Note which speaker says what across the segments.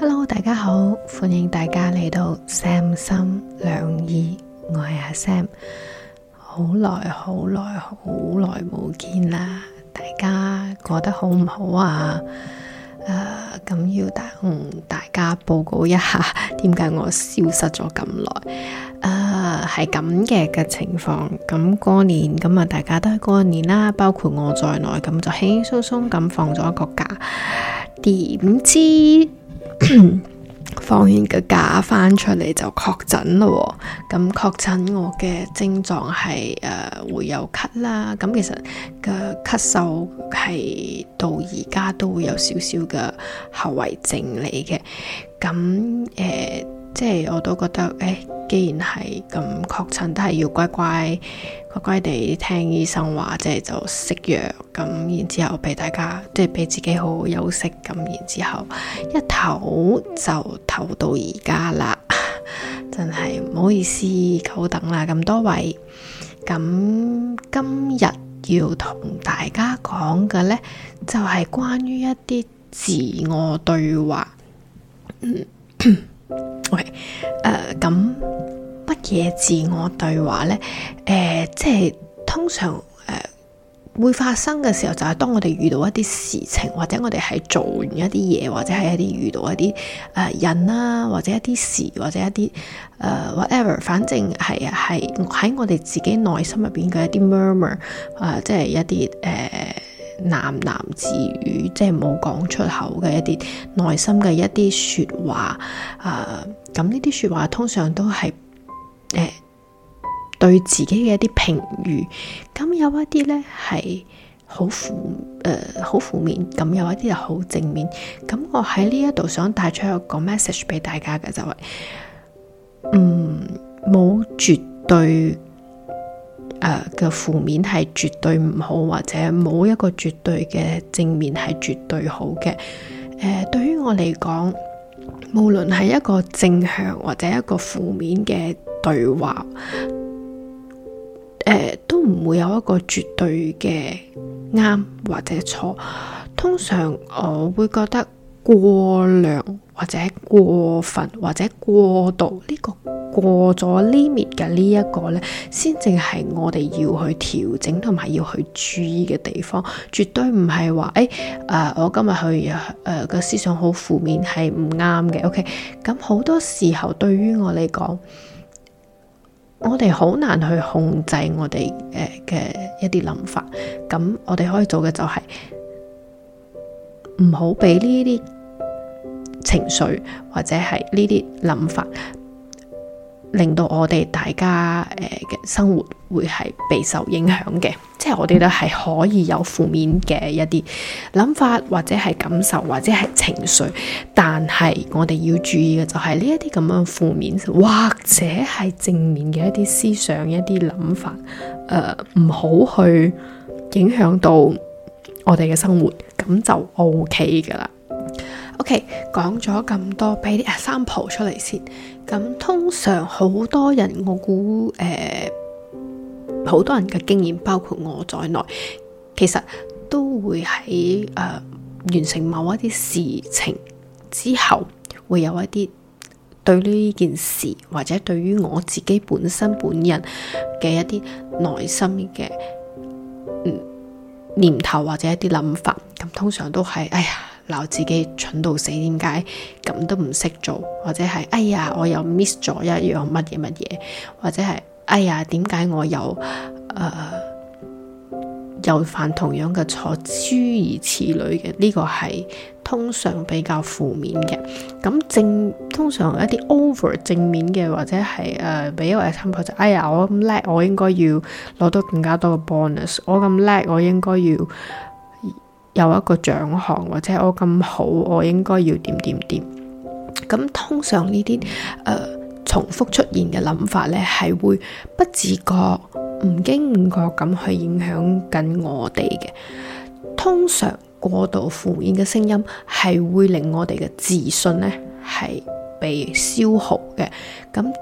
Speaker 1: Hello，大家好，歡迎大家嚟到 Sam 心兩意，我係阿 Sam，好耐好耐好耐冇見啦，大家過得好唔好啊？誒、呃，咁要同大家報告一下，點解我消失咗咁耐？誒、呃，係咁嘅嘅情況，咁過年咁啊，大家都係過年啦，包括我在內，咁就輕輕鬆鬆咁放咗一個假，點知？ 放完個假翻出嚟就確診咯，咁確診我嘅症狀係誒會有咳啦，咁其實個咳嗽係到而家都會有少少嘅後遺症嚟嘅，咁誒。呃即係我都覺得誒、欸，既然係咁確診，都係要乖乖乖乖哋聽醫生話，即係就食藥咁，然之後俾大家，即係俾自己好好休息咁，然之後一唞就唞到而家啦， 真係唔好意思久等啦，咁多位，咁今日要同大家講嘅呢，就係、是、關於一啲自我對話。 喂，誒、呃，咁乜嘢自我對話咧？誒、呃，即係通常誒、呃、會發生嘅時候，就係、是、當我哋遇到一啲事情，或者我哋係做完一啲嘢，或者係一啲遇到一啲誒、呃、人啦、啊，或者一啲事，或者一啲誒、呃、whatever，反正係啊，係喺我哋自己內心入邊嘅一啲 murmur，啊、呃，即係一啲誒。呃喃喃自語，即係冇講出口嘅一啲內心嘅一啲說話，誒、呃，咁呢啲說話通常都係誒、呃、對自己嘅一啲評語，咁有一啲呢係好負誒好負面，咁有一啲又好正面，咁我喺呢一度想帶出一個 message 俾大家嘅就係、是，嗯，冇絕對。誒嘅、uh，負面係絕對唔好，或者冇一個絕對嘅正面係絕對好嘅。誒、uh，對於我嚟講，無論係一個正向或者一個負面嘅對話，誒、uh，都唔會有一個絕對嘅啱或者錯。通常我會覺得過量或者過分或者過度呢個。過咗 limit 嘅呢一個呢，先正係我哋要去調整同埋要去注意嘅地方，絕對唔係話誒，誒、欸呃、我今日去誒嘅、呃嗰個、思想好負面係唔啱嘅。OK，咁好多時候對於我嚟講，我哋好難去控制我哋嘅一啲諗法。咁我哋可以做嘅就係唔好俾呢啲情緒或者係呢啲諗法，令到我哋大家誒嘅、呃、生活會係備受影響嘅，即係我哋咧係可以有負面嘅一啲諗法或者係感受或者係情緒，但係我哋要注意嘅就係呢一啲咁樣負面或者係正面嘅一啲思想、一啲諗法，誒、呃、唔好去影響到我哋嘅生活，咁就 OK 噶啦 O.K. 講咗咁多，俾啲啊三 a 出嚟先。咁通常好多人，我估誒好多人嘅經驗包括我在內，其實都會喺誒、呃、完成某一啲事情之後，會有一啲對呢件事或者對於我自己本身本人嘅一啲內心嘅嗯念頭或者一啲諗法。咁通常都係哎呀～鬧自己蠢到死，點解咁都唔識做？或者係哎呀，我又 miss 咗一樣乜嘢乜嘢？或者係哎呀，點解我又誒、呃、又犯同樣嘅錯？諸如此類嘅呢、呢個係通常比較負面嘅。咁正通常一啲 over 正面嘅，或者係誒俾一個 example 就是、哎呀，我咁叻，我應該要攞到更加多嘅 bonus。我咁叻，我應該要。有一個獎項，或者我咁好，我應該要點點點。咁通常呢啲誒重複出現嘅諗法呢，係會不自覺、唔經唔覺咁去影響緊我哋嘅。通常過度負面嘅聲音係會令我哋嘅自信呢係被消耗嘅。咁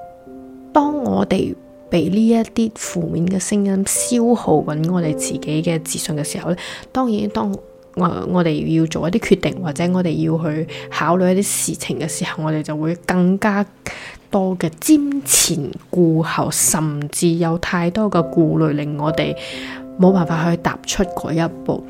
Speaker 1: 當我哋被呢一啲負面嘅聲音消耗緊我哋自己嘅自信嘅時候呢，當然當。我我哋要做一啲決定，或者我哋要去考慮一啲事情嘅時候，我哋就會更加多嘅瞻前顧後，甚至有太多嘅顧慮，令我哋冇辦法去踏出嗰一步。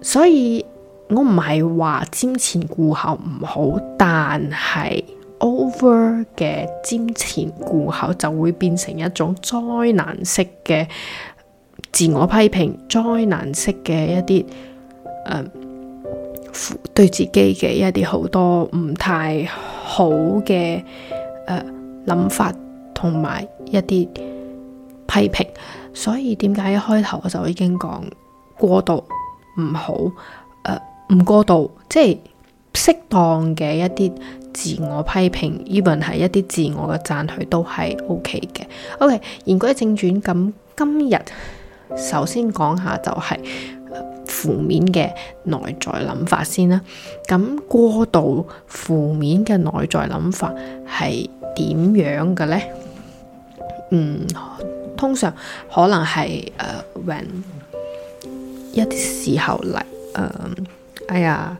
Speaker 1: 所以我唔係話瞻前顧後唔好，但係 over 嘅瞻前顧後就會變成一種災難式嘅自我批評，災難式嘅一啲。誒、嗯，對自己嘅一啲好多唔太好嘅誒諗法，同埋一啲批評，所以點解一開頭我就已經講過度唔好，誒、呃、唔過度，即係適當嘅一啲自我批評，even 係一啲自我嘅讚許都係 O K 嘅。OK，言歸正傳，咁今日首先講下就係。負面嘅內在諗法先啦，咁過度負面嘅內在諗法係點樣嘅咧？嗯，通常可能係誒，呃、when, 一啲時候嚟，誒、呃，哎呀。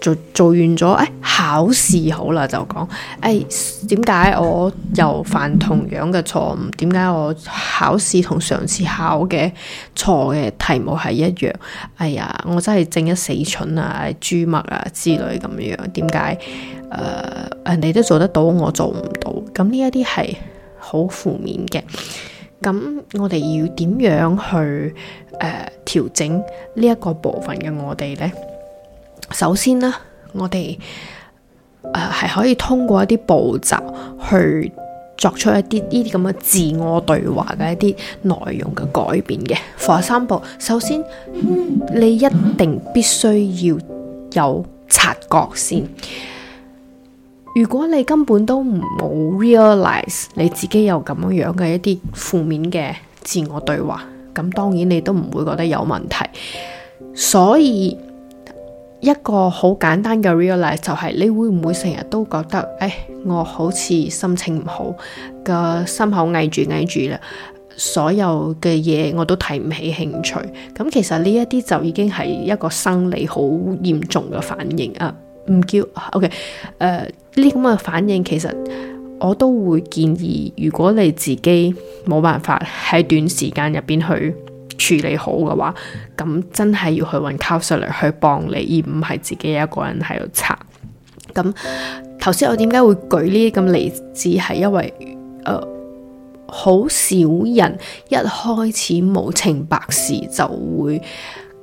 Speaker 1: 做,做完咗，誒、哎，考試好啦就講，誒、哎，點解我又犯同樣嘅錯誤？點解我考試同上次考嘅錯嘅題目係一樣？哎呀，我真係正一死蠢啊，豬墨啊之類咁樣。點解誒人哋都做得到，我做唔到？咁呢一啲係好負面嘅。咁我哋要點樣去誒調、呃、整呢一個部分嘅我哋呢？首先咧，我哋誒係可以通過一啲步驟去作出一啲呢啲咁嘅自我對話嘅一啲內容嘅改變嘅。第三步，首先、嗯、你一定必須要有察覺先。如果你根本都唔冇 realize 你自己有咁樣樣嘅一啲負面嘅自我對話，咁當然你都唔會覺得有問題。所以一個好簡單嘅 realize 就係你會唔會成日都覺得，誒、哎，我好似心情唔好，個心口翳住翳住啦，所有嘅嘢我都提唔起興趣。咁其實呢一啲就已經係一個生理好嚴重嘅反應啊。唔、uh，叫 OK，誒呢啲咁嘅反應其實我都會建議，如果你自己冇辦法喺短時間入邊去。處理好嘅話，咁真係要去揾 counselor 嚟去幫你，而唔係自己一個人喺度查。咁頭先我點解會舉呢啲咁例子，係因為誒好、呃、少人一開始無情白事就會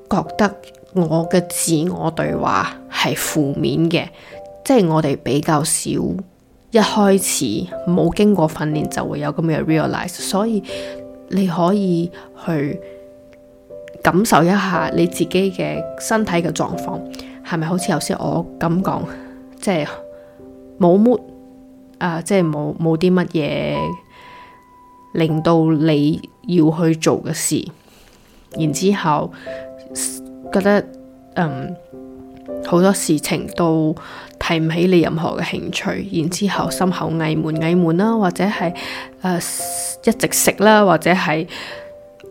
Speaker 1: 覺得我嘅自我對話係負面嘅，即係我哋比較少一開始冇經過訓練就會有咁嘅 realize，所以你可以去。感受一下你自己嘅身體嘅狀況，係咪好似頭先我咁講，即係冇 mood，啊、呃，即係冇冇啲乜嘢令到你要去做嘅事，然之後覺得嗯好多事情都提唔起你任何嘅興趣，然之後心口翳悶翳悶啦，或者係誒、呃、一直食啦，或者係，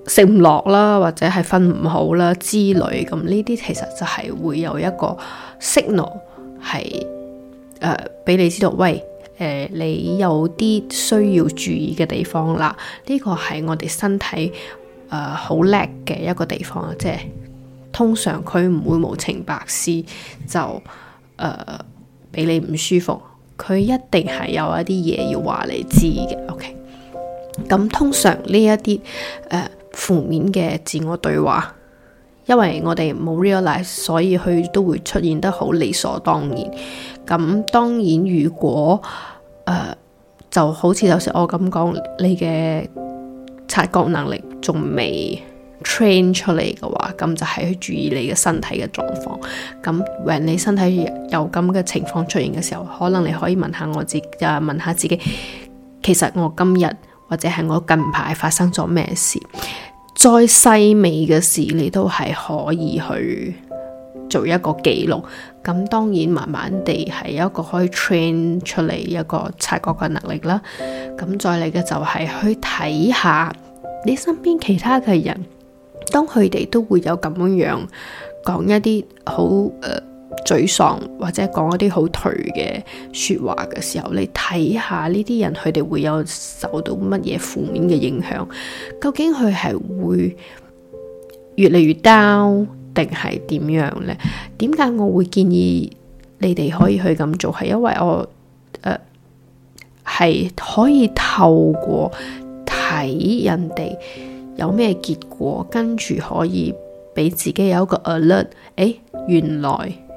Speaker 1: 食唔落啦，或者係瞓唔好啦之類，咁呢啲其實就係會有一個 signal 係誒俾你知道，喂誒、呃、你有啲需要注意嘅地方啦。呢、這個係我哋身體誒好叻嘅一個地方，即係通常佢唔會無情白事就誒俾、呃、你唔舒服，佢一定係有一啲嘢要話你知嘅。OK，咁通常呢一啲誒。呃負面嘅自我對話，因為我哋冇 realize，所以佢都會出現得好理所當然。咁當然，如果誒、呃、就好似頭先我咁講，你嘅察覺能力仲未 train 出嚟嘅話，咁就係去注意你嘅身體嘅狀況。咁，若你身體有咁嘅情況出現嘅時候，可能你可以問下我自啊，問下自己，其實我今日或者係我近排發生咗咩事。再細微嘅事，你都係可以去做一個記錄。咁當然慢慢地係一個可以 train 出嚟一個察覺嘅能力啦。咁再嚟嘅就係去睇下你身邊其他嘅人，當佢哋都會有咁樣樣講一啲好誒、呃沮喪或者講一啲好頹嘅說話嘅時候，你睇下呢啲人佢哋會有受到乜嘢負面嘅影響？究竟佢係會越嚟越 down 定係點樣呢？點解我會建議你哋可以去咁做？係因為我誒係、呃、可以透過睇人哋有咩結果，跟住可以俾自己有一個 alert，欸。誒，原來。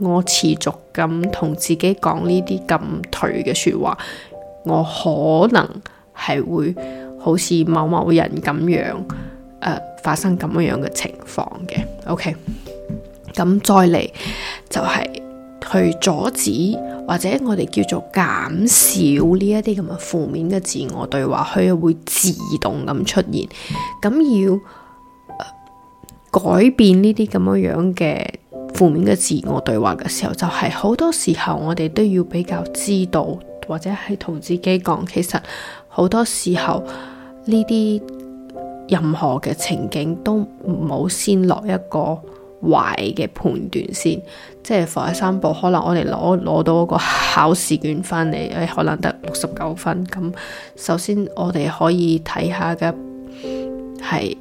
Speaker 1: 我持續咁同自己講呢啲咁頹嘅說話，我可能係會好似某某人咁樣，誒、呃、發生咁樣樣嘅情況嘅。OK，咁再嚟就係、是、去阻止或者我哋叫做減少呢一啲咁嘅負面嘅自我對話，佢會自動咁出現。咁要、呃、改變呢啲咁樣樣嘅。負面嘅自我對話嘅時候，就係、是、好多時候我哋都要比較知道，或者係同自己講，其實好多時候呢啲任何嘅情景都唔好先落一個壞嘅判斷先。即係放喺三步，可能我哋攞攞到嗰個考試卷返嚟，誒，可能得六十九分。咁首先我哋可以睇下嘅係。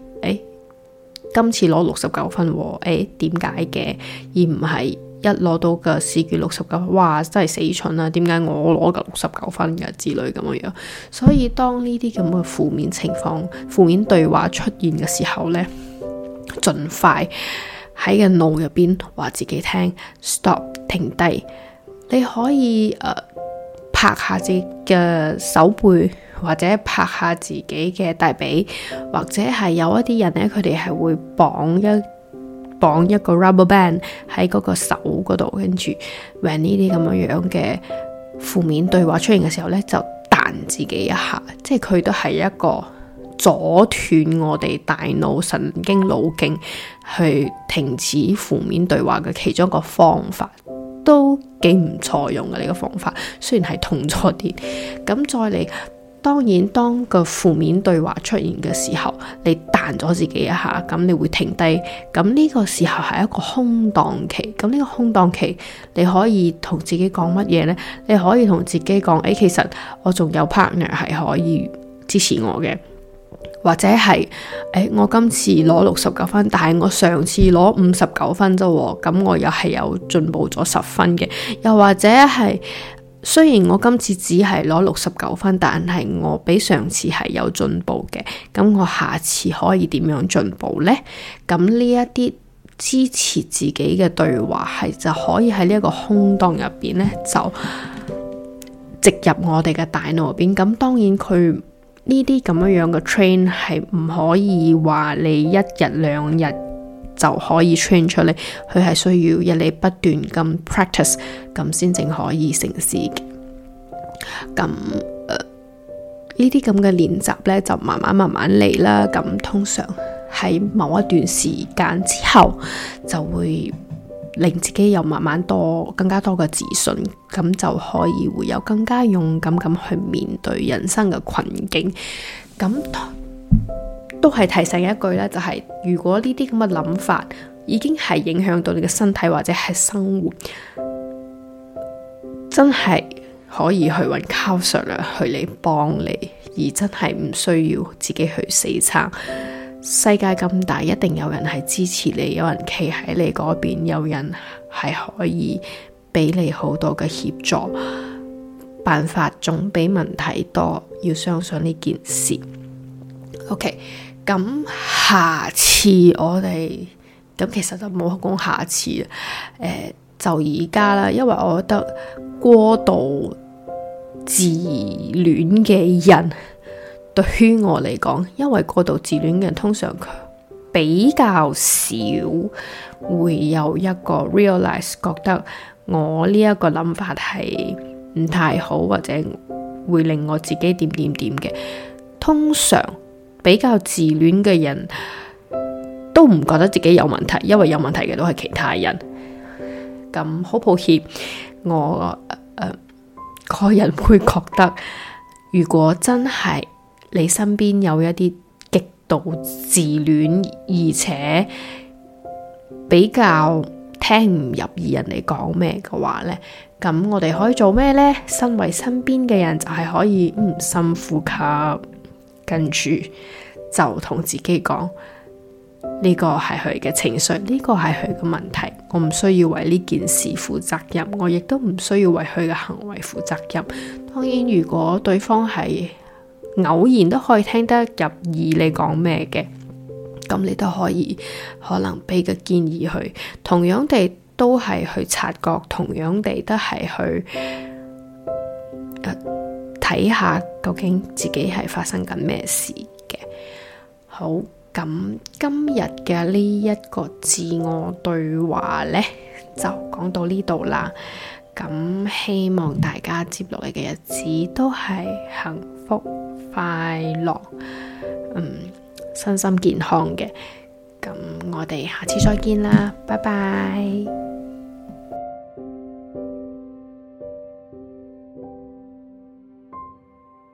Speaker 1: 今次攞六十九分，誒、欸，點解嘅？而唔係一攞到嘅試卷六十九分，哇，真係死蠢啦、啊！點解我攞個六十九分嘅之類咁樣樣？所以當呢啲咁嘅負面情況、負面對話出現嘅時候呢，盡快喺個腦入邊話自己聽，stop 停低。你可以誒、呃、拍下自己嘅手背。或者拍下自己嘅大髀，或者係有一啲人咧，佢哋係會綁一綁一個 rubber band 喺嗰個手嗰度，跟住 when 呢啲咁樣樣嘅負面對話出現嘅時候咧，就彈自己一下，即係佢都係一個阻斷我哋大腦神經腦徑去停止負面對話嘅其中一個方法，都幾唔錯用嘅呢，這個方法。雖然係痛咗啲，咁再嚟。當然，當個負面對話出現嘅時候，你彈咗自己一下，咁你會停低。咁呢個時候係一個空檔期。咁呢個空檔期，你可以同自己講乜嘢呢？你可以同自己講，誒、哎，其實我仲有 partner 係可以支持我嘅，或者係誒、哎，我今次攞六十九分，但係我上次攞五十九分啫喎，咁我又係有進步咗十分嘅。又或者係。雖然我今次只係攞六十九分，但係我比上次係有進步嘅。咁我下次可以點樣進步呢？咁呢一啲支持自己嘅對話係就可以喺呢一個空檔入邊呢，就植入我哋嘅大腦入邊。咁當然佢呢啲咁樣樣嘅 train 係唔可以話你一日兩日。就可以 train 出嚟，佢係需要日日不斷咁 practice，咁先至可以成事。咁，呃，呢啲咁嘅練習呢，就慢慢慢慢嚟啦。咁通常喺某一段時間之後，就會令自己有慢慢多更加多嘅自信，咁就可以會有更加勇敢咁去面對人生嘅困境。咁。都係提醒一句咧，就係、是、如果呢啲咁嘅諗法已經係影響到你嘅身體或者係生活，真係可以去搵 consult 嚟，去你幫你，而真係唔需要自己去死撐。世界咁大，一定有人係支持你，有人企喺你嗰邊，有人係可以俾你好多嘅協助。辦法總比問題多，要相信呢件事。OK。咁下次我哋咁其實就冇講下次誒、呃，就而家啦，因為我覺得過度自戀嘅人，對於我嚟講，因為過度自戀嘅人通常比較少會有一個 realize，覺得我呢一個諗法係唔太好，或者會令我自己點點點嘅，通常。比較自戀嘅人都唔覺得自己有問題，因為有問題嘅都係其他人。咁好抱歉，我誒個、呃呃、人會覺得，如果真係你身邊有一啲極度自戀，而且比較聽唔入意人哋講咩嘅話呢，咁我哋可以做咩呢？身為身邊嘅人就係可以唔、嗯、深呼吸。跟住就同自己講，呢個係佢嘅情緒，呢個係佢嘅問題，我唔需要為呢件事負責任，我亦都唔需要為佢嘅行為負責任。當然，如果對方係偶然都可以聽得入耳你講咩嘅，咁你都可以可能俾個建議佢，同樣地都係去察覺，同樣地都係去。啊睇下究竟自己係發生緊咩事嘅。好，咁今日嘅呢一個自我對話呢，就講到呢度啦。咁希望大家接落嚟嘅日子都係幸福快樂，嗯，身心健康嘅。咁我哋下次再見啦，拜拜。 bye bye